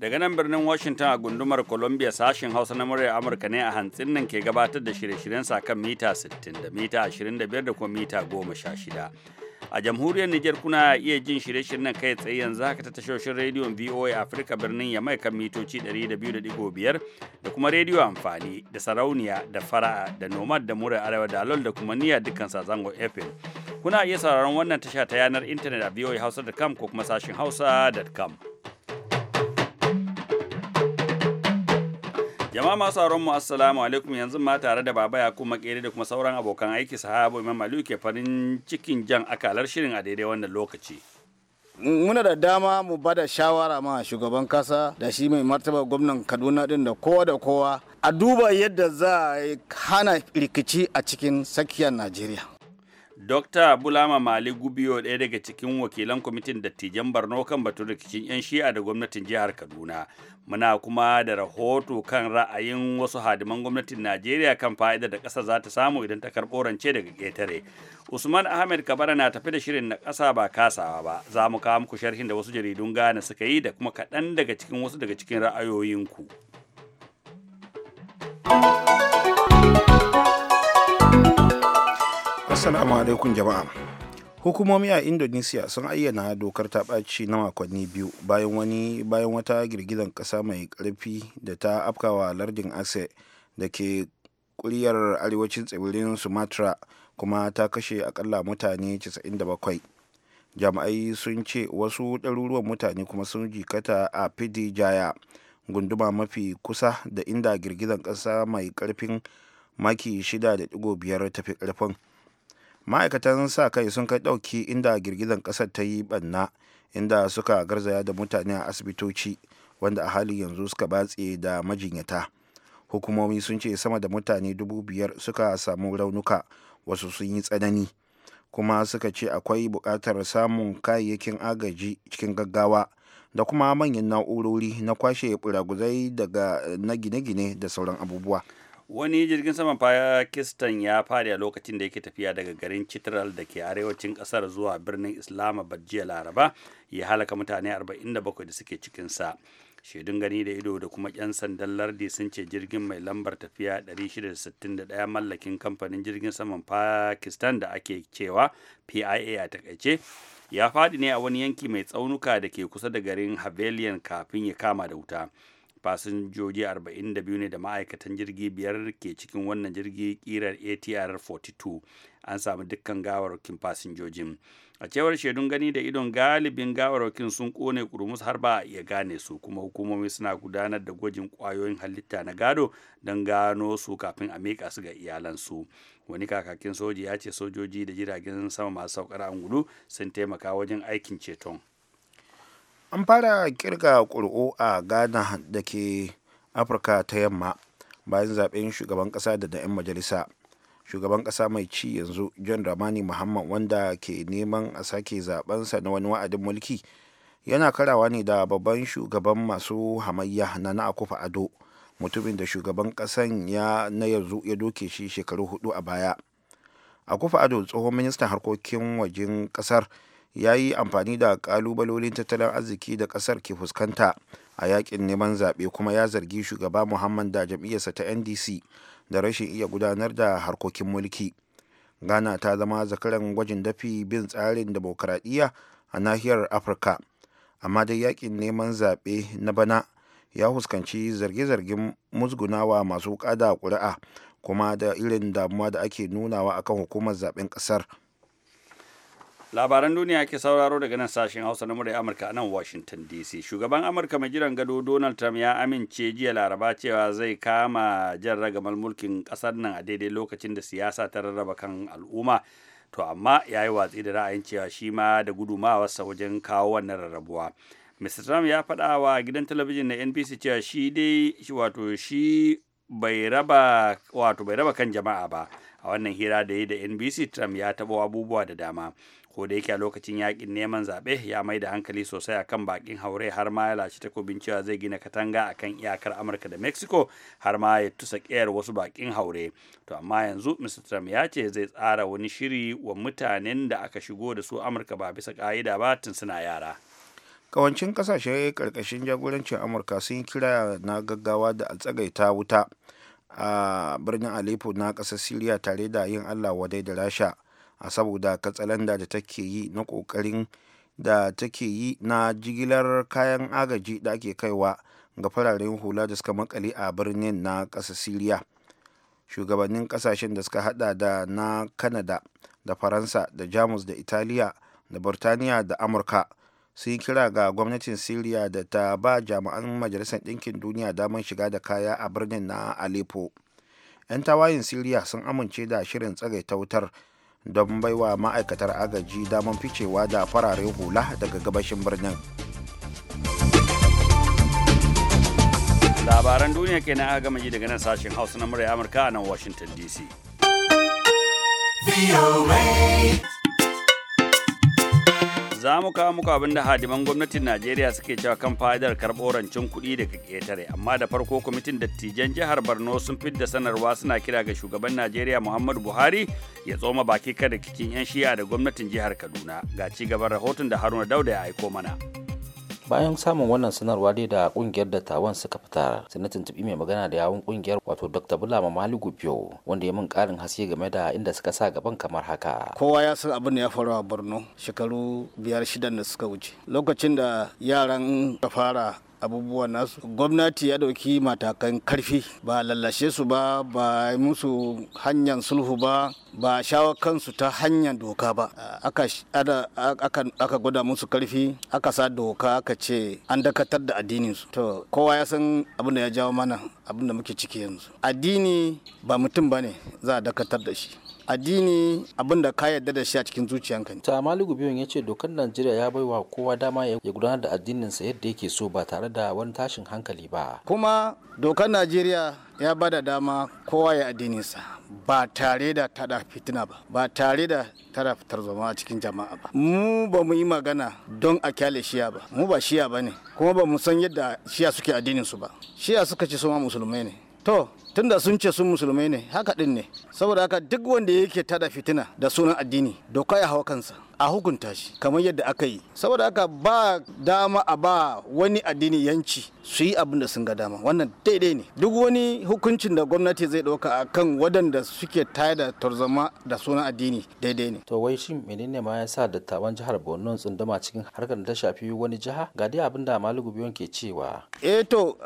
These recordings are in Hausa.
Daga nan birnin Washington a gundumar Columbia sashen Hausa na muryar Amurka ne a hantsin nan ke gabatar da shirye-shiryen kan mita 60 da mita 25 da kuma mita 16. a jamhuriyar Nijar kuna iya jin shirye-shiryen kai tsaye yanzu haka ta tashoshin rediyon VOA Africa birnin Yamai kan mitoci 200.5 da kuma rediyo amfani da sarauniya da fara'a da nomad da murar arewa da lol da kuma niyya dukkan sazango FM. Kuna iya sauraron wannan tasha ta yanar intanet a voahausa.com ko kuma sashin hausa.com. Jama'a masu sauran mu assalamu alaikum yanzu ma tare da baba ya kuma kere da kuma sauran abokan aiki sahabo Imam malu ke farin cikin jan akalar shirin a daidai wannan lokaci. muna da dama mu bada shawara ma shugaban kasa da shi mai martaba gwamnan kaduna din da kowa da kowa a duba yadda za a hana rikici a cikin tsakiyar najeriya Dokta Bulama Mali Gubiyo ɗaya daga cikin wakilan kwamitin dattijan Barno kan batun rikicin 'yan shi'a da gwamnatin jihar Kaduna. Muna kuma da rahoto kan ra'ayin wasu hadiman gwamnatin Najeriya kan fa'idar da ƙasa za ta samu idan ta karɓo rance daga ƙetare. Usman Ahmed Kabara na tafi da shirin na ƙasa ba kasawa ba. Za mu kawo muku sharhin da wasu jaridun Ghana suka yi da kuma kaɗan daga cikin wasu daga cikin ra'ayoyinku. Assalamu alaikum jama'a. Hukumomi a Indonesia sun ayyana dokar ta ɓaci na makonni biyu bayan wani bayan wata girgizar ƙasa mai ƙarfi da ta afkawa lardin Aceh da ke kuryar arewacin tsibirin Sumatra kuma ta kashe akalla mutane 97. Jami'ai sun ce wasu ɗaruruwan mutane kuma sun jikata a Fidi Jaya, gunduma mafi kusa da inda girgizar ƙasa mai ƙarfin maki 6.5 ta fi ƙarfin. ma'aikatan sa kai sun kai ɗauki inda girgizar ƙasar ta yi ɓanna inda suka garzaya da mutane a asibitoci wanda a hali yanzu suka batse da majinyata hukumomi sun ce sama da mutane dubu biyar suka samu raunuka wasu sun yi tsanani kuma suka ce akwai buƙatar samun kayayyakin agaji cikin gaggawa da kuma manyan na'urori na kwashe buraguzai daga na gine-gine da sauran abubuwa wani jirgin saman pakistan ya fadi a lokacin da yake tafiya daga garin chitral da ke arewacin kasar zuwa birnin islamabad jiya laraba ya halaka mutane 47 da suke cikinsa shaidun gani da ido da kuma 'yan sandan lardi sun ce jirgin mai lambar tafiya 661 mallakin kamfanin jirgin saman pakistan da ake cewa pia a takaice ya fadi ne a wani yanki mai tsaunuka da ke kusa da garin havelian kafin ya kama da wuta fasinjoji 42 ne da ma'aikatan jirgi biyar ke cikin wannan jirgi kirar atr 42 an samu dukkan gawarwakin fasinjojin a cewar shaidun gani da idon galibin gawarwakin sun kone kurmus har ba ya gane su kuma hukumomi suna gudanar da gwajin kwayoyin halitta na gado don gano su kafin a miƙa su ga iyalansu wani kakakin soji ya ce sojoji da jiragen sama masu saukar angulu sun taimaka wajen aikin ceton an fara kirga ƙuri'u a ghana da ke afirka ta yamma bayan zaben shugaban ƙasa da na 'yan majalisa shugaban ƙasa mai ci yanzu john ramani muhammad wanda ke neman a sake zabensa na wani wa'adin mulki yana karawa ne da babban shugaban masu hamayya na na akufa ado mutumin da shugaban ƙasan ya na yanzu ya doke shi shekaru hudu a baya akufa ado tsohon ministan harkokin wajen ƙasar ya yi amfani da kalubalolin tattalin arziki da kasar ke fuskanta a yakin neman zaɓe kuma ya zargi shugaba muhammad da jam'iyyarsa ta ndc da rashin iya gudanar da harkokin mulki ghana ta zama zakaran gwajin dafi bin tsarin demokaradiyya a nahiyar afirka amma dai yakin neman zaɓe na bana ya fuskanci zarge-zargen musgunawa masu kada ƙuri'a kuma da irin damuwa da ake nunawa akan hukumar zaɓen ƙasar. labaran duniya ke sauraro daga nan sashen hausa na murya amurka nan washington dc shugaban amurka mai jiran gado donald trump ya amince jiya laraba cewa zai kama jan ragamar mulkin kasar nan a daidai lokacin da siyasa ta rarraba kan al'umma to amma ya yi watsi da ra'ayin cewa shi ma da gudumawarsa wajen kawo wannan rarrabuwa mr trump ya faɗa wa gidan talabijin na nbc cewa shi dai wato shi bai raba wato bai raba kan jama'a ba a wannan hira da yi da nbc trump ya taɓa abubuwa da dama ko da yake a lokacin yakin neman zaɓe ya mai da hankali sosai akan bakin haure har ma ya lashe takobin cewa zai gina katanga akan iyakar amurka da mexico har ma ya tusa ƙiyar wasu bakin haure to amma yanzu mr trump ya ce zai tsara wani shiri wa mutanen da aka shigo da su amurka ba bisa ka'ida ba tun suna yara kawancin kasashe karkashin jagorancin amurka sun yi kira na gaggawa da a tsagaita wuta a birnin aleppo na ƙasar syria tare da yin allah wadai da rasha a saboda katsalanda da take yi na kokarin da take yi na jigilar kayan agaji da ake kaiwa ga fararen hula da suka makale a birnin na ƙasa siriya shugabannin ƙasashen da suka hada da na kanada da faransa da jamus da italiya da burtaniya da amurka sun kira ga gwamnatin siriya da ta ba jami'an majalisar ɗinkin duniya damar shiga da kaya a birnin na aleppo 'yan tawayin siriya sun amince da shirin tsagaita wutar don baiwa ma'aikatar agaji damar ficewa da fararen hula daga gabashin birnin labaran duniya ke na gama ji daga nan sashen hausa na murya amurka a nan washington dc za mu kawo muku abin da hadiman gwamnatin najeriya suke cewa kan fa'idar karɓo rancen kuɗi daga ƙetare amma da farko kwamitin dattijan jihar borno sun fidda sanarwa suna kira ga shugaban najeriya muhammadu buhari ya tsoma baki kada kikin 'yan shi'a da gwamnatin jihar kaduna ga ci gaban rahoton da haruna dauda ya aiko mana. bayan samun wannan sanarwa dai da kungiyar dattawan suka fitar sai na tuntubi mai magana da yawun kungiyar wato dr bulama maligu biyo wanda ya min karin haske game da inda suka sa gaban kamar haka kowa ya san abin da ya faru a borno shekaru biyar shidan da suka wuce lokacin da yaran ka fara abubuwan nasu gwamnati ya dauki matakan karfi ba lallashe su ba ba musu hanyar sulhu ba ba shawo kansu ta hanyar doka ba aka, gwada musu karfi aka sa doka aka ce an dakatar da addininsu to kowa ya san abin da ya jawo mana abin da muke ciki yanzu addini ba mutum ba ne za a dakatar da shi addini abinda ka yarda da shi a cikin zuciyanka ne. Tamali Biyun ya ce dokar Najeriya ya baiwa kowa dama ya gudanar da addininsa yadda yake so ba tare da wani tashin hankali ba. Kuma dokar Najeriya ya ba da dama kowa ya addininsa ba tare da tada fitina ba ba tare da tara tarzoma a cikin jama'a ba. Mu ba mu yi magana don a kyale shiya ba mu ba shiya ba ne kuma ba mu san yadda shiya suke addinin su ba shiya suka ce su ma musulmai ne. To tunda sun ce sun musulmai ne haka din ne saboda haka duk wanda yake tada fitina da sunan addini doka ya hawa kansa a hukunta shi kamar yadda aka yi saboda haka ba dama a ba wani addini yanci su yi abin da sun ga dama wannan daidai ne duk wani hukuncin da gwamnati zai ɗauka a kan waɗanda suke tayar da tarzoma da sunan addini daidai ne to wai shin menene ma ya sa dattawan jihar borno tsundama cikin harkar da ta shafi wani jiha ga dai abin da malugu ke cewa eh to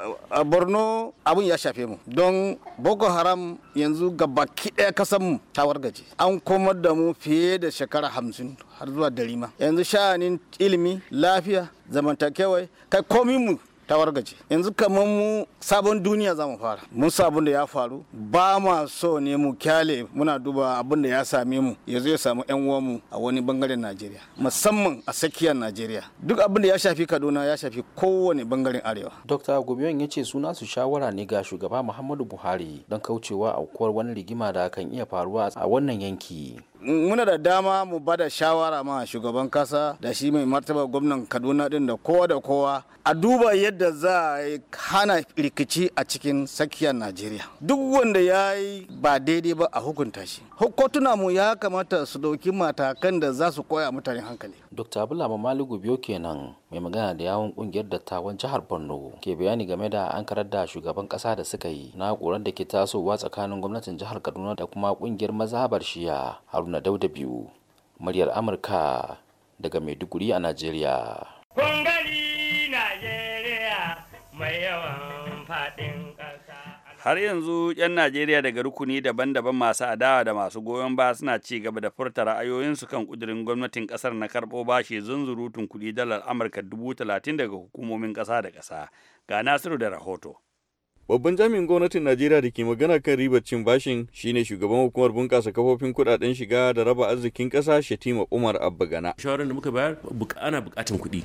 borno abin ya shafe mu don boko haram yanzu ga baki ɗaya kasan mu ta wargaje an komar da mu fiye da shekara hamsin har zuwa dari ma yanzu sha'anin ilimi lafiya zamantakewai kai komi mu tawargaci yanzu kamar mu sabon duniya za mu fara mun sabon da ya faru ba ma so ne mu kyale muna duba abin da ya same mu yanzu ya samu yan mu a wani bangaren najeriya musamman a tsakiyar najeriya duk abin da ya shafi kaduna ya shafi kowane bangaren arewa dr gobiyon ya ce suna su shawara ne ga shugaba muhammadu buhari don kaucewa aukuwar wani rigima da kan iya faruwa a wannan yanki muna da dama mu bada shawara ma shugaban kasa da shi mai martaba gwamnan kaduna din da kowa da kowa a duba yadda za a hana rikici a cikin tsakiyar najeriya duk wanda ya yi ba daidai ba a hukunta shi hukuntuna mu ya kamata su dauki matakan da za su koya mutane hankali Dr. Abulama Malugu biyo kenan mai magana da yawon kungiyar dattawan jihar Borno ke bayani game da an karar da shugaban kasa da suka yi na koran da ke tasowa tsakanin gwamnatin jihar Kaduna da kuma kungiyar mazhabar shia Haruna Dauda biyu muryar Amurka daga Maiduguri a Najeriya. Kungali Najeriya mai yawan faɗin har yanzu 'yan najeriya daga rukuni daban-daban masu adawa da masu goyon baya suna ci gaba da furta ra'ayoyinsu kan kudirin gwamnatin kasar na karɓo bashi zunzurutun kuɗi dalar amurka dubu talatin daga hukumomin ƙasa da ƙasa ga nasiru da rahoto Babban jami'in gwamnatin Najeriya da ke magana kan ribar cin bashin shine shugaban hukumar bunƙasa kafofin kuɗaɗen shiga da raba arzikin kasa Shatima Umar Abbagana. Shawarar da muka bayar ana bukatan kuɗi.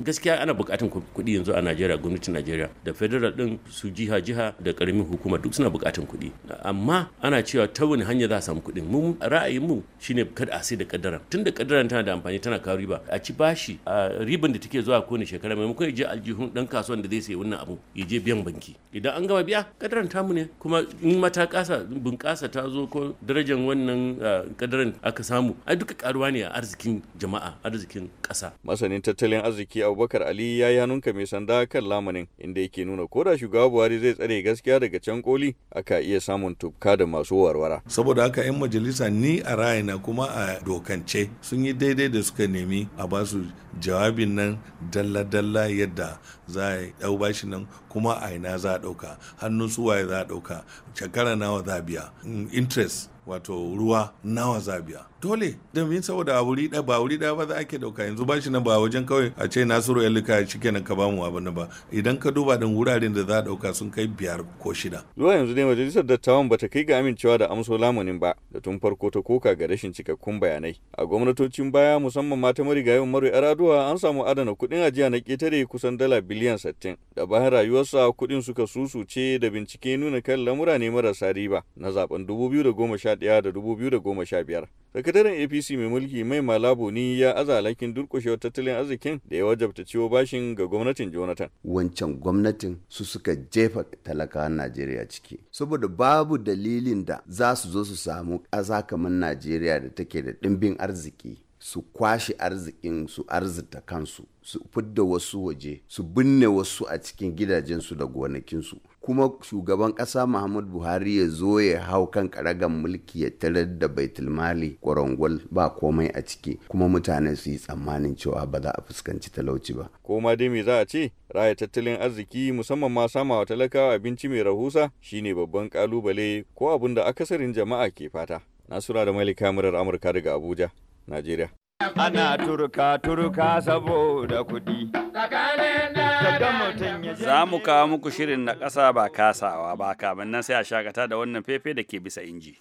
Gaskiya ana bukatan kuɗi yanzu a Najeriya gwamnatin Najeriya da federal ɗin su jiha jiha da ƙaramin hukuma duk suna bukatan kuɗi. Amma ana cewa ta wani hanya za a samu kuɗin. mun ra'ayin mu shine kada a sai da kaddara. Tun da kaddara tana da amfani tana kawo riba. A ci bashi a riban da take zuwa kowane shekara maimakon ya je aljihun dan kasuwan da zai sayi wannan abu ya je biyan banki. idan an gama biya kadaran tamu ne kuma in mata kasa bunƙasa ta zo ko darajar wannan kadaran ah, aka samu ai duka karuwa ne a arzikin jama'a arzikin ƙasa masanin tattalin arziki abubakar ali ya yi hannunka mai sanda kan lamanin inda yake nuna ko da shugaba buhari zai tsare gaskiya daga can koli aka iya samun tuka da masu warwara saboda haka yan majalisa ni a ra'ayina kuma a dokance sun yi daidai da suka nemi a basu jawabin nan dalla-dalla yadda za a ɗau bashi nan kuma a ina za a ɗauka hannun suwaye za a ɗauka shekara nawa za mm, interest wato ruwa nawa zabiya dole domin saboda a wuri ɗaya ba wuri ɗaya ba za a ke dauka yanzu ba shi nan ba wajen kawai a ce nasiru yalika cike nan ka bamu abin ba idan ka duba din wuraren da za a dauka sun kai biyar ko shida zuwa yanzu dai majalisar dattawan bata kai ga amincewa da amso lamunin ba da tun farko ta koka ga rashin cikakkun bayanai a gwamnatocin baya musamman mata marigayen maru araduwa an samu adana kuɗin ajiya na ketare kusan dala biliyan sittin da bayan rayuwarsa kuɗin suka susu ce da bincike nuna kan lamura ne marasa riba na zaben 2011 da 2015 sakataren apc mai mulki mai malabo ni ya aza alhakin durkushewar tattalin arzikin da ya wajabta ciwo bashin ga gwamnatin jonathan wancan gwamnatin su suka jefa talakawan najeriya ciki saboda babu dalilin da za su zo su samu ƙasa kamar najeriya da take da ɗimbin arziki su kwashe arzikin su arzita kansu su fidda wasu waje su binne wasu a cikin gidajensu da gonakinsu kuma shugaban ƙasa Muhammad Buhari ya zo ya hau kan karagan mulki ya tarar da baitulmali kwarangwal ba komai a ciki kuma mutane su yi tsammanin cewa ba za a fuskanci talauci ba. koma dai me za a ce raya tattalin arziki musamman ma sama wa talakawa abinci mai rahusa shine babban kalubale ko abin da akasarin jama'a ke fata. Nasura da Malika murar Amurka daga Abuja, Najeriya. Ana turka turka saboda kuɗi. Tsakanin da za mu kawo muku shirin na ƙasa ba kasawa ba kamin nan sai a shakata da wannan fefe da ke bisa inji.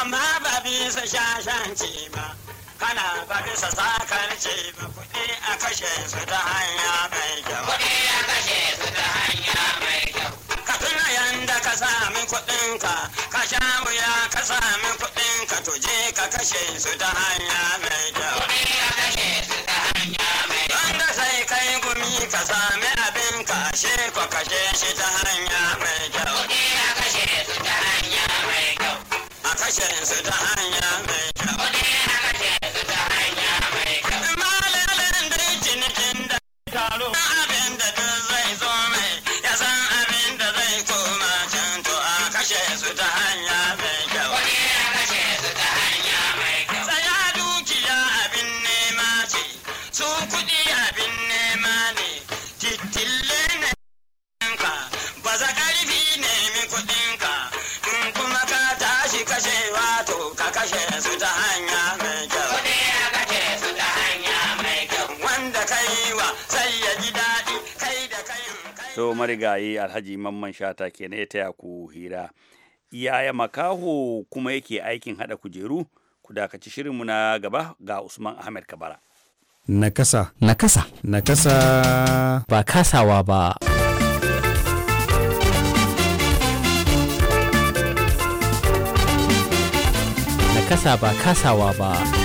Amma ba bisa shashanci ba, kana ba bisa sakarci ba kuɗi a kashe su ta hanya mai kyau. Kuɗi a kashe su ta hanya mai kyau. Ka tuna yanda ka sami kuɗinka, ka sha wuya ka sami kuɗinka, to je ka kashe su ta hanya mai 现实择暗人。so marigayi alhaji mamman shata ke ya taya ku hira yaya makaho kuma yake aikin hada kujeru ku dakaci shirinmu na gaba ga usman ahmed kabara nakasa nakasa nakasa ba kasawa ba nakasa ba kasawa ba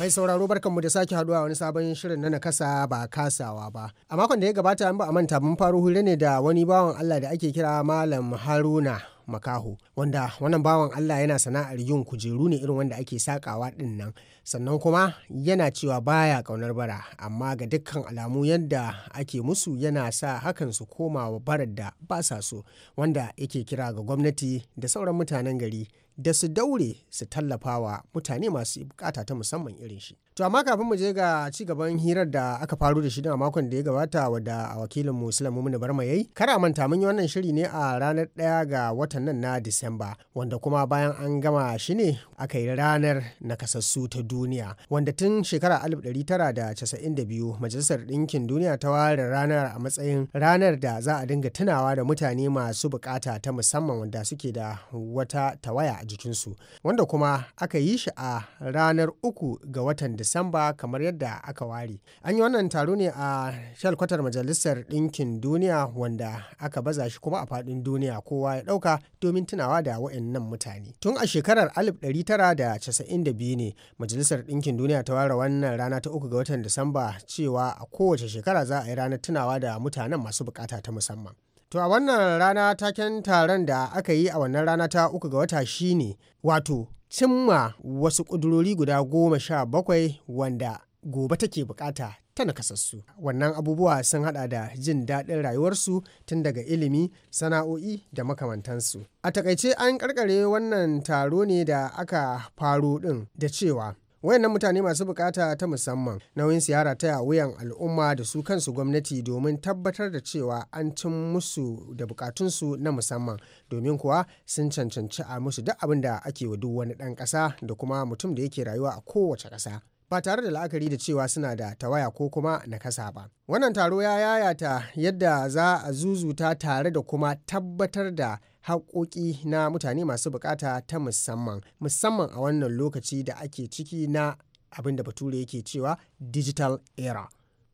Mai sauraro barkanmu da sake haduwa wani sabon shirin na nakasa ba kasawa ba. A makon da ya gabata an ba a manta mun faro hira ne da wani bawan Allah da ake kira Malam Haruna makaho wanda wannan bawan Allah yana sana'ar yin kujeru ne irin wanda ake sakawa din nan sannan kuma yana cewa baya kaunar bara amma ga dukkan alamu yadda ake musu yana sa hakan su koma wa barar da ba sa so wanda yake kira ga gwamnati da sauran mutanen gari da su daure su tallafawa mutane masu bukata ta musamman irin shi. To amma kafin mu je ga ci gaban hirar da aka faru da shi a makon da ya gabata wadda a wakilin Musulun Mumin Barma yayi. Kara manta mun yi wannan shiri ne a ranar ɗaya ga watan nan na Disamba wanda kuma bayan an gama shi ne aka yi ranar nakasassu ta duniya wanda tun shekara 1992 Majalisar Ɗinkin Duniya ta ware ranar a matsayin ranar da za a dinga tunawa da mutane masu bukata ta musamman wanda suke da wata tawaya jikinsu wanda kuma aka yi shi a ranar uku ga watan Disamba kamar yadda aka ware. An yi wannan taro ne a shalkwatar Majalisar Ɗinkin Duniya wanda aka baza shi kuma a faɗin duniya kowa ya ɗauka domin tunawa da waɗannan mutane. Tun a shekarar 1992 ne Majalisar Ɗinkin Duniya ta ware wannan rana ta uku ga watan Disamba cewa a kowace shekara za a yi ranar tunawa da mutanen masu bukata ta musamman. To a wannan rana taken taron da aka yi a wannan rana ta uku ga wata shine wato cimma wasu ƙudurori guda goma sha bakwai wanda gobe take bukata ta nakasassu. Wannan abubuwa sun hada da jin daɗin rayuwarsu tun daga ilimi, sana'o'i da makamantansu. A takaice an karkare wannan taro ne da aka faro ɗin da cewa wayannan mutane masu bukata ta musamman nauyin siyara ta wuyan al'umma da su kansu gwamnati domin tabbatar da cewa an cin musu da bukatunsu na musamman domin kuwa sun cancanci a musu duk abin da ake wa duk wani ɗan ƙasa da kuma mutum da yake rayuwa a kowace kasa ba tare da la'akari da cewa suna da tawaya ko kuma nakasa ba. Wannan taro ya yayata yadda za a zuzuta tare da kuma tabbatar da haƙoƙi na mutane masu bukata ta musamman musamman a wannan lokaci da ake ciki na abin da bature yake cewa digital era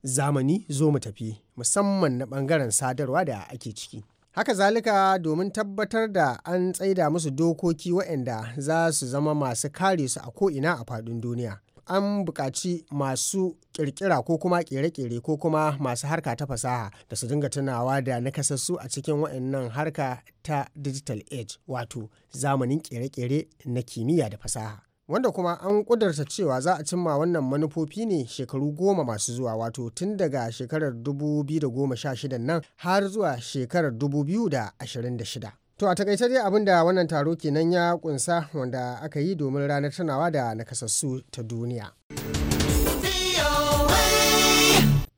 zamani zo mu tafi musamman na bangaren sadarwa da ake ciki haka zalika domin tabbatar da an tsaida musu dokoki waɗanda za su zama masu kare su a ko'ina a faɗin duniya an buƙaci masu ƙirƙira ko kuma ƙere-ƙere ko kuma masu harka ta fasaha da su dinga tunawa da nakasassu a cikin wa'annan harka ta digital age wato zamanin ƙere-ƙere na kimiyya da fasaha. wanda kuma an ƙudurta cewa za a cimma wannan manufofi ne shekaru goma masu zuwa wato tun daga shekarar 2016 nan har zuwa shekarar 2026. To a takaice dai abinda wannan taro kenan ya kunsa wanda aka yi domin ranar tunawa da nakasassu ta duniya.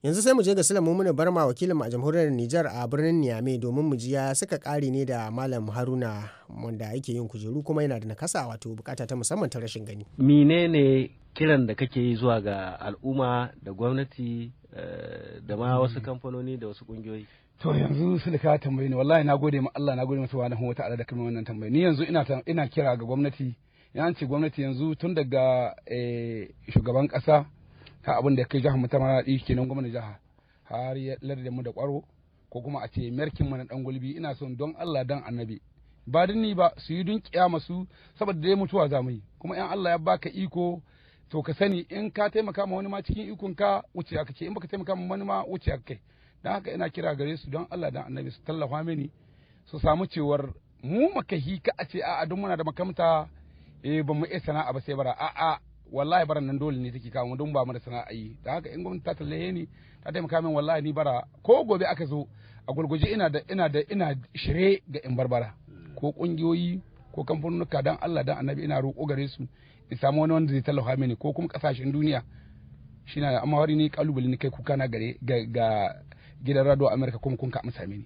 yanzu sai mu je ga silamu muna barma wakilin a jamhuriyar Nijar a birnin Niamey domin mu ji ya suka kare ne da Malam Haruna wanda yake yin kujeru kuma yana da nakasa wato bukata ta musamman ta rashin gani. Menene kiran da kake yi zuwa ga al'umma da gwamnati Eh, da ma wasu kamfanoni da wasu kungiyoyi to yanzu sulika tambayi ne wallahi na gode ma Allah na gode masa wani wata'ala da kalmar wannan tambayi ni yanzu ina ina kira ga gwamnati Ya ce gwamnati yanzu tun daga eh, shugaban kasa ta abin da kai jihar mu ta maradi nan gwamnati jiha har ya larda mu da kwaro ko kuma a ce merkin mana dan gulbi ina son don Allah dan annabi ba dinni ba su yi dun kiyama su saboda dai mutuwa za mu yi kuma yan Allah ya baka iko to ka sani in ka taimaka ma wani ma cikin ikon ka wuce aka ce in baka taimaka ma wani ma wuce aka kai dan haka ina kira gare su don Allah dan Annabi su tallafa mini su samu cewar mu makahi ka a ce a don muna da makamta eh ba mu iya sana'a ba sai bara a wallahi bara nan dole ne take kawo don ba mu da sana'a yi dan haka in gwamnati ta tallaye ni ta taimaka min wallahi ni bara ko gobe aka zo a gurguje ina da ina da ina shire ga in barbara ko kungiyoyi ko kamfanonuka dan Allah dan Annabi ina roƙo gare su samu wani wanda zai tallafa mini ko kuma kasashen duniya shi na amma wani ne kalubale ne kai kuka na gare ga gidan radio america kuma kun ka amsa mini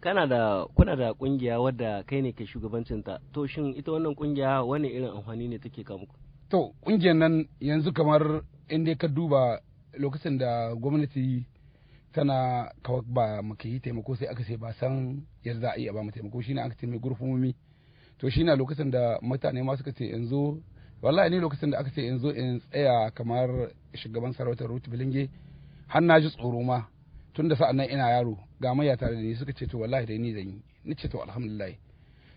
kana da kuna da kungiya wadda kai ne ke ta to shin ita wannan kungiya wani irin amfani ne take kamu to kungiyar nan yanzu kamar in dai ka duba lokacin da gwamnati tana kawai ba muka yi taimako sai aka sai ba san yadda za a yi a ba mu taimako shine aka ce mai gurfumomi to shine lokacin da mutane ma suka ce yanzu wallahi ni lokacin da aka ce in zo in tsaya kamar shugaban sarautar Ruth Bilinge har na ji tsoro ma tun da sa'an nan ina yaro ga maya tare da ni suka ce to wallahi dai ni zan yi ni ce to alhamdulillah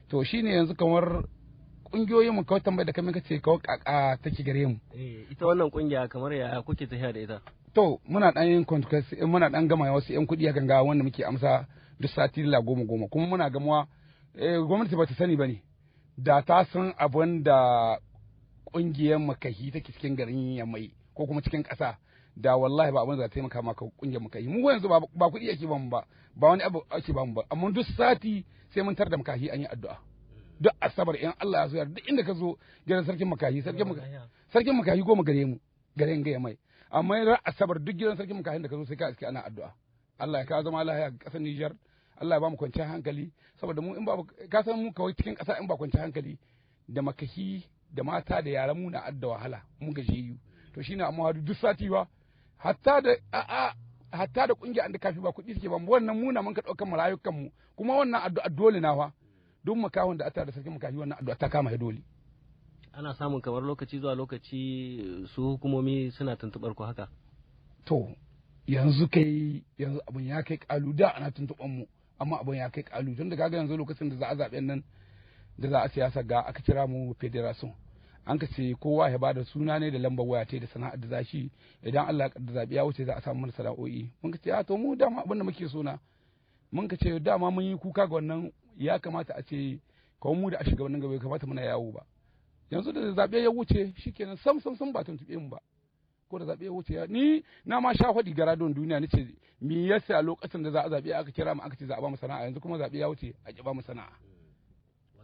to shine yanzu kamar kungiyoyin mu kawai tambayar da kamar kace kawai kaka take gare mu eh, ita wannan kungiya kamar ya kuke tafiya da ita to muna dan yin contract muna dan gama wasu yan kudi a ganga wanda muke amsa duk sati la goma goma kuma muna gamuwa eh, gwamnati ba ta sani bane da ta san abin da kungiyar makahi take cikin garin yamai ko kuma cikin ƙasa da wallahi ba abin da za ta taimaka maka kungiyar makahi mu yanzu ba kuɗi yake ba mu ba ba wani abu ake ba mu ba amma duk sati sai mun tar da makahi an yi addu'a duk asabar in Allah ya so duk inda ka zo gidan sarkin makahi sarkin makahi sarkin makahi goma gare mu gare ga yamai amma ran asabar duk gidan sarkin makahi da ka zo sai ka iske ana addu'a Allah ya kawo zama lahiya ga ƙasar Nijar Allah ya ba mu kwanciyar hankali saboda mu in ba ka san mu kawai cikin ƙasa in ba kwanciyar hankali da makahi da mata da yaran mu na adda wahala mun mu yiwu to shine amma hadu duk sati ba hatta da a'a hatta da kungiya an da kafi ba kuɗi suke ba wannan muna mun ka ɗaukar mu rayukan mu kuma wannan addu'a dole na fa duk makahon da ata da sarkin makafi wannan addu'a ta kama dole ana samun kamar lokaci zuwa lokaci su hukumomi suna tuntubar ku haka to yanzu kai yanzu abun ya kai kalu da ana tuntuban mu amma abun ya kai kalu tun da kaga yanzu lokacin da za a zaɓen nan da za a siyasa ga aka kira mu federation an ka ce kowa ya bada suna ne da lambar waya ta da sana'ar da zashi idan Allah ya zabi ya wuce za a samu mana sana'o'i mun ka ce a ah, to mu dama abin da muke sona mun ka ce dama mun yi kuka ga wannan ya kamata a ce kawai mu da a wannan gaba ya kamata muna yawo ba yanzu da zaɓe ya wuce shikenan sam sam sam ba tube mu ba ko da zaɓe ya wuce ni na ma sha faɗi gara don duniya nace me yasa lokacin da za a zaɓe aka kira mu aka ce za a ba mu sana'a yanzu kuma zaɓe ya wuce a ki ba mu sana'a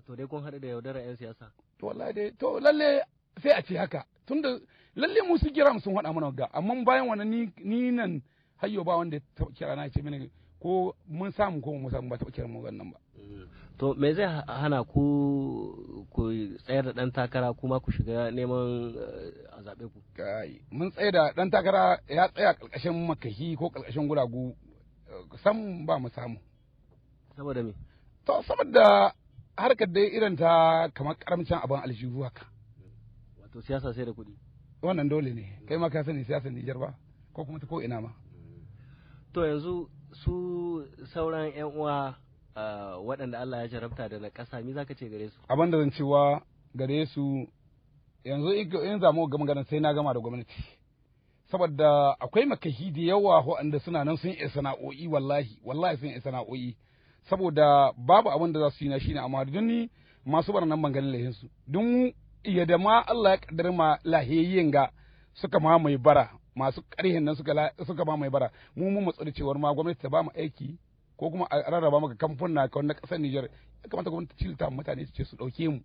to dai kun haɗu da yaudarar 'yan siyasa to wallahi dai to lalle sai a ce haka tunda lalle mu su kira sun haɗa mana ga amma bayan wani ni ni nan hayyo ba wanda ta kira na ce mini ko mun samu ko mun samu ba ta kira mu wannan ba to me zai hana ku ku tsayar da dan takara kuma ku shiga neman eh, a zaɓe ku kai mun tsayar da dan takara ya tsaya kalkashin makahi ko kalkashin guragu eh, sam ba mu samu saboda me to saboda harkar dai irin ta kamar karamcin abin aljihu haka wato siyasa sai da kuɗi wannan dole ne mm. kai ma ka sani siyasar Nijar ba ko kuma ta ko ina ma mm. to yanzu su sauran yan uwa waɗanda Allah ya jarabta da na ƙasa za zaka ce gare su abin da zan cewa gare su yanzu in zamu ga magana sai na gama da gwamnati saboda akwai makahi da yawa waɗanda suna nan sun yi sana'o'i wallahi wallahi sun yi sana'o'i saboda babu abin da za su yi na shine amma don ni masu bana nan ganin lahin su ya da ma Allah ya kaddar ma lahiyayyen ga suka ma mai bara masu ƙarhin nan suka suka ma mai bara mu mun matsu da cewar ma gwamnati ta ba mu aiki ko kuma a rarraba maka kamfuna ka wannan ƙasar Niger ya kamata gwamnati ta cilta mutane su ce su dauke mu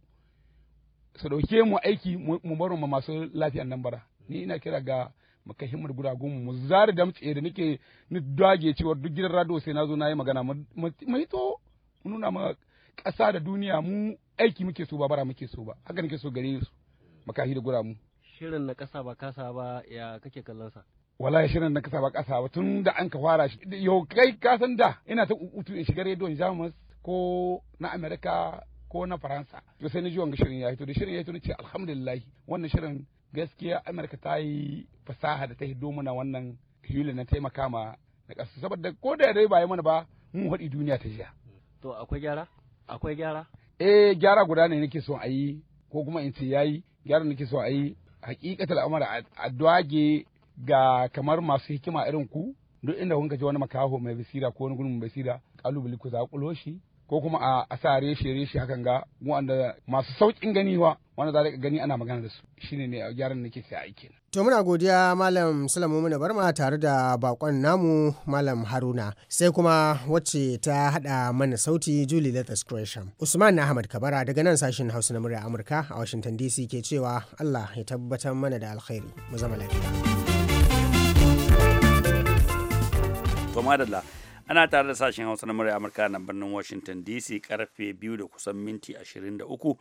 su dauke mu aiki mu barun ma masu lafiyan nan bara ni ina kira ga mu kai himmar guragun mu zare damtse da nake ni dage cewa duk gidan radio sai na zo na yi magana mai to nuna ma ƙasa da duniya mu aiki muke so ba bara muke so ba haka nake so gare su makahi da mu. shirin na ƙasa ba kasa ba ya kake kallon sa wallahi shirin na kasa ba kasa ba tun da an ka fara shi yau kai ka san da ina ta utu in shiga radio Jamus ko na america ko na Faransa to sai ni ji wanga shirin ya hito da shirin ya hito ni ce alhamdulillah wannan shirin gaskiya amurka ta yi fasaha da ta hido mana wannan hilin na taimaka ma na ƙasa saboda ko da dai ba yi mana ba mun haɗi duniya ta jiya to akwai gyara akwai gyara eh gyara guda ne nake so a yi ko kuma in ce yayi gyara nake so a yi hakikatar Amara a dwage ga kamar masu hikima irin ku duk inda kun ji wani makaho mai basira ko wani gurbin basira kalubale ku za ku shi ko kuma a asa reshe reshe hakan ga wanda masu sauƙin gani wa wanda za ka gani ana magana da su shine ne gyaran nake sai aiki to muna godiya malam salamu muna barma tare da bakon namu malam Haruna sai kuma wacce ta hada mana sauti Julie letters Gresham Usman Ahmad Kabara daga nan sashin Hausa na murya Amurka a Washington DC ke cewa Allah ya tabbatar mana da alkhairi mu zama lafiya to ana tare da sashen hausa na murya amurka na birnin washington dc karfe biyu da kusan minti ashirin da uku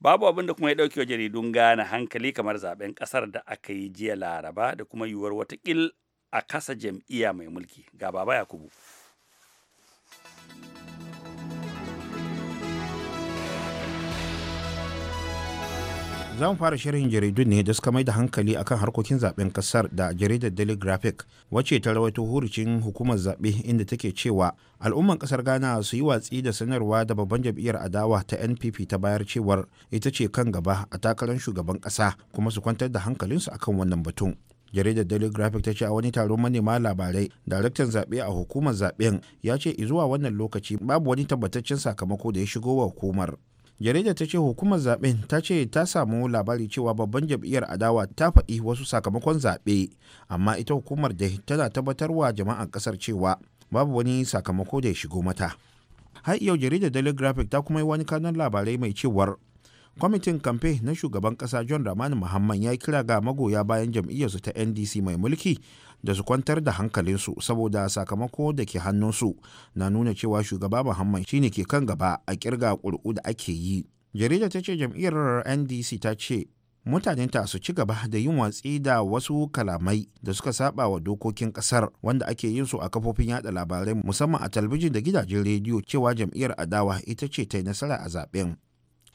babu abin da kuma ya dauke wa jaridun gane hankali kamar zaben kasar da aka yi jiya laraba da kuma yiwuwar watakil a kasa jam'iyya mai mulki ga baba yakubu zan fara shirin jaridun ne da suka mai da hankali akan harkokin zaben kasar da jaridar daily graphic wacce ta rawaito hurucin hukumar zaɓe inda take cewa al'umman kasar ghana su yi watsi da sanarwa da babban jam'iyyar adawa ta npp ta bayar cewar ita ce kan gaba a takarar shugaban ƙasa kuma su kwantar da hankalinsu akan wannan batun jaridar daily graphic ta ce a wani taron manema labarai daraktan zaɓe a hukumar zaɓen ya ce zuwa wannan lokaci babu wani tabbataccen sakamako da ya shigo wa hukumar jaridar ta ce hukumar zaben ta ce ta samu labari cewa babban jam'iyyar adawa ta faɗi wasu sakamakon zaɓe amma ita hukumar da tana tabbatarwa jama'an ƙasar cewa babu wani sakamako da ya shigo mata har yau jaridar daily graphic ta kuma yi wani kanan labarai mai cewar kwamitin kamfe na shugaban ƙasa john ramani muhammad ya kira ga magoya bayan jam'iyyarsu ta ndc mai mulki da su kwantar da hankalinsu saboda sakamako da ke hannunsu na nuna cewa shugaba muhammad shine ke kan gaba a kirga ƙuri'u da ake yi jarida ta ce jam'iyyar ndc ta ce mutanenta su ci gaba da yin watsi da wasu kalamai da suka saba wa dokokin kasar wanda ake yin su a kafofin yada labarai musamman a talbijin da gidajen rediyo cewa jam'iyyar adawa ita ce ta yi nasara a zaben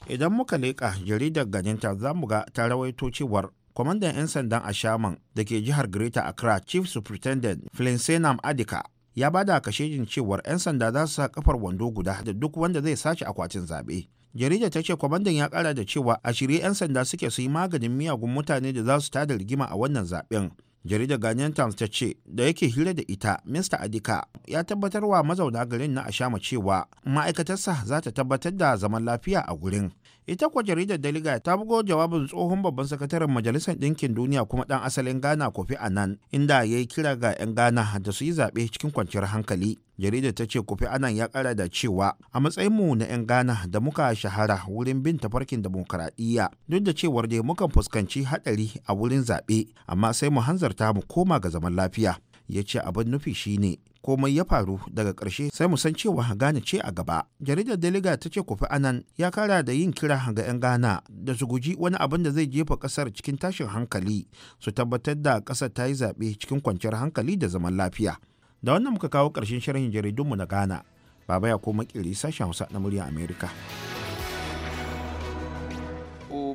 idan muka leƙa jaridar ganinta za mu ga ta rawaito cewar kwamandan 'yan sandan ashaman da ke jihar greater accra chief superintendent flinsenam adika ya ba da kashejin cewar 'yan sanda za su sa kafar wando guda da duk wanda zai sace akwatin zaɓe jarida ta ce kwamandan ya kara da cewa a shirye 'yan sanda suke su yi maganin miyagun mutane da za su tada rigima a wannan zaɓen jaridar Ghanaian Times ta ce da yake hira da ita Mr. Adika ya tabbatar wa mazauna garin na Ashama cewa ma'aikatarsa za ta tabbatar da zaman lafiya a gurin. ita kuwa jaridar daliga ta bugo jawabin tsohon babban sakataren majalisar ɗinkin duniya kuma ɗan asalin ghana kofi anan inda ya yi kira ga 'yan ghana da su yi zaɓe cikin kwanciyar hankali jaridar ta ce kofi anan ya kara da cewa a matsayinmu na 'yan ghana da muka shahara wurin bin tafarkin dimokuraɗiyya duk da cewar dai mukan fuskanci haɗari a wurin zaɓe amma sai mu hanzarta mu koma ga zaman lafiya ya ce abin nufi shine komai ya faru daga ƙarshe sai mu san cewa Ghana ce a gaba. Jaridar Deliga ta ce Kofi Anan ya kara da yin kira ga 'yan Ghana da su guji wani abin da zai jefa ƙasar cikin tashin hankali su tabbatar da ƙasar ta yi zaɓe cikin kwanciyar hankali da zaman lafiya. Da wannan muka kawo ƙarshen shirin jaridunmu na Ghana. Baba ya koma ƙiri sashen Hausa na muryar Amerika.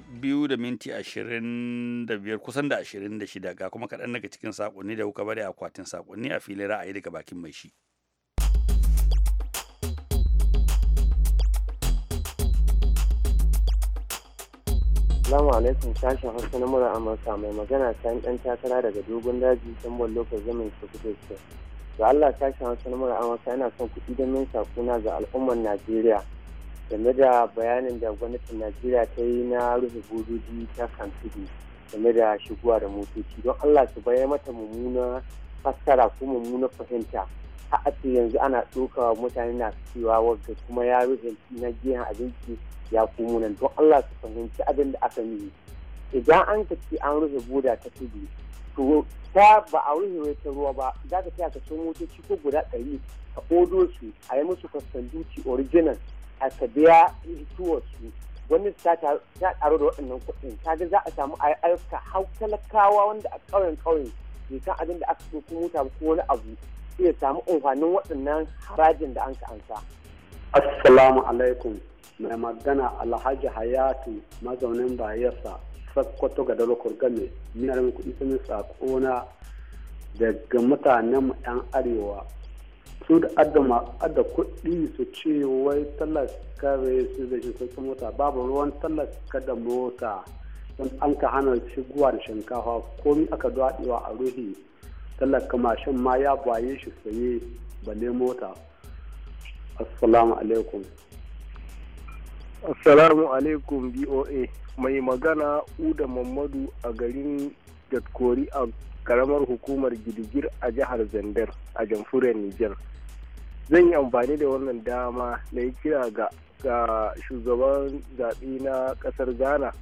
biyu da minti ashirin da biyar kusan da ashirin da shida ga kuma kaɗan daga cikin saƙonni da kuka bari akwatin saƙonni a filin ra'ayi daga bakin mai shi. Salamu alaikum sashen Hausa na mura Amurka mai magana ta ɗan takara daga dogon daji ban lokacin kuke su. Ga Allah sashen Hausa na mura Amurka yana son kuɗi don min sakuna ga al'ummar Najeriya. game da bayanin da gwamnatin najeriya ta yi na rufe bodoji ta kan tudu game da shigowa da motoci don allah su bayan mata mummuna fassara ko mummuna fahimta a ce yanzu ana ɗauka mutane na cewa wadda kuma ya rufe na gehen abinci ya komo nan don allah su fahimci abin da aka yi idan an ka an rufe boda ta tudu to ta ba a rufe ta ruwa ba za ka ce ka motoci ko guda ɗari ka odo su a yi musu kwastan duci original a biya su wani ta taro da waɗannan kuɗin ta ga za a samu ayyuka hau talakawa wanda a ƙauyen ƙauyen bai san abin da aka so mota ko wani abu ya samu amfanin waɗannan harajin da an ka ansa. Assalamu alaikum mai magana Alhaji Hayatu mazaunin bayarsa sakkwato ga Dalokor Game ni a kuɗi sanin saƙona daga mutanen 'yan Arewa su da adama adda kuɗi su ce wai tallaka kare su da shi sauƙi mota babu ruwan tallaka da mota don an ka hana shigowa da shinkafa komi aka daɗewa a ruhi tallaka mashin ma ya baye shi saye bale mota assalamu alaikum assalamu alaikum boa mai magana uda mamadu a garin jatkori a karamar hukumar girgir a jihar zandar a jamfuriyar niger zan yi amfani da wannan dama na yi kira ga ga shugaban zaɓe na ƙasar ghana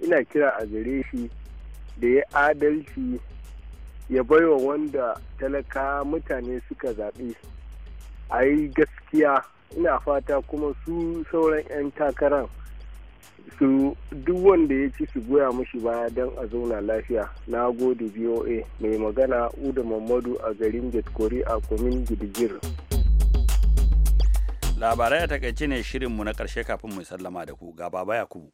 ina kira a gare shi da ya adalci ya baiwa wanda talaka mutane suka zaɓe a yi gaskiya ina fata kuma su sauran 'yan takaran su duk wanda ya ci su goya mashi baya don a zauna lafiya na gode boa mai magana uda mamadu a garin kori a kwamin gidigir. labarai a takaice ne shirin mu na ƙarshe kafin mu sallama da ku ga baba yakubu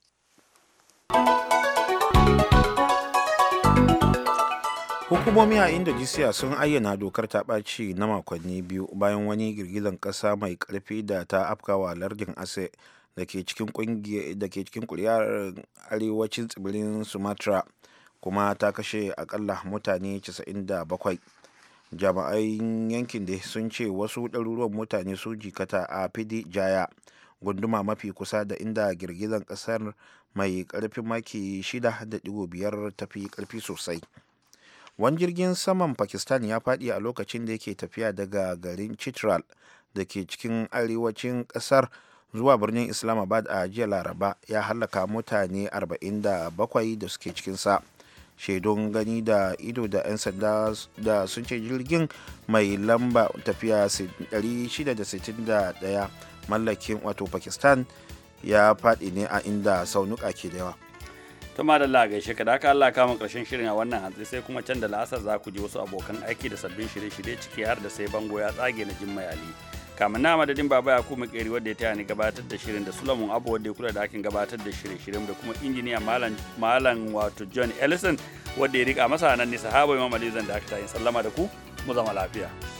hukumomi a indonesia sun ayyana dokar ta ɓaci na makonni biyu bayan wani girgizan ƙasa mai ƙarfi da ta afkawa lardin ase da ke cikin kuriyar arewacin tsibirin sumatra kuma ta kashe akalla mutane 97 jami'ai yankin da sun ce wasu ɗaruruwan mutane su jikata a fidi jaya gunduma mafi kusa da inda girgizan ƙasar mai ƙarfin maki 6.5 ta fi ƙarfi sosai wani jirgin saman pakistan ya faɗi a lokacin da yake tafiya daga garin chitral da ke cikin arewacin ƙasar zuwa birnin islamabad a jiya laraba ya halaka mutane 47 da suke cikinsa shaidun gani da ido da 'yan sanda da sun ce jirgin mai lamba tafiya 661 mallakin wato pakistan ya faɗi ne a inda saunuka ke da yawa tuma ma da Allah gaishe ka Allah kama karshen shirin a wannan hantsi sai kuma can da la'asar za ku ji wasu abokan aiki da sabbin shirye-shirye ciki har da sai bango ya tsage na jimma ali kamun na madadin baba ya kuma keri wadda ya taya ni gabatar da shirin da sulamun abu wadda ya kula da hakin gabatar da shirye shirin da kuma injiniya malam wato john ellison wadda ya rika masa nan ne sahaba imam da haka tayin sallama da ku mu zama lafiya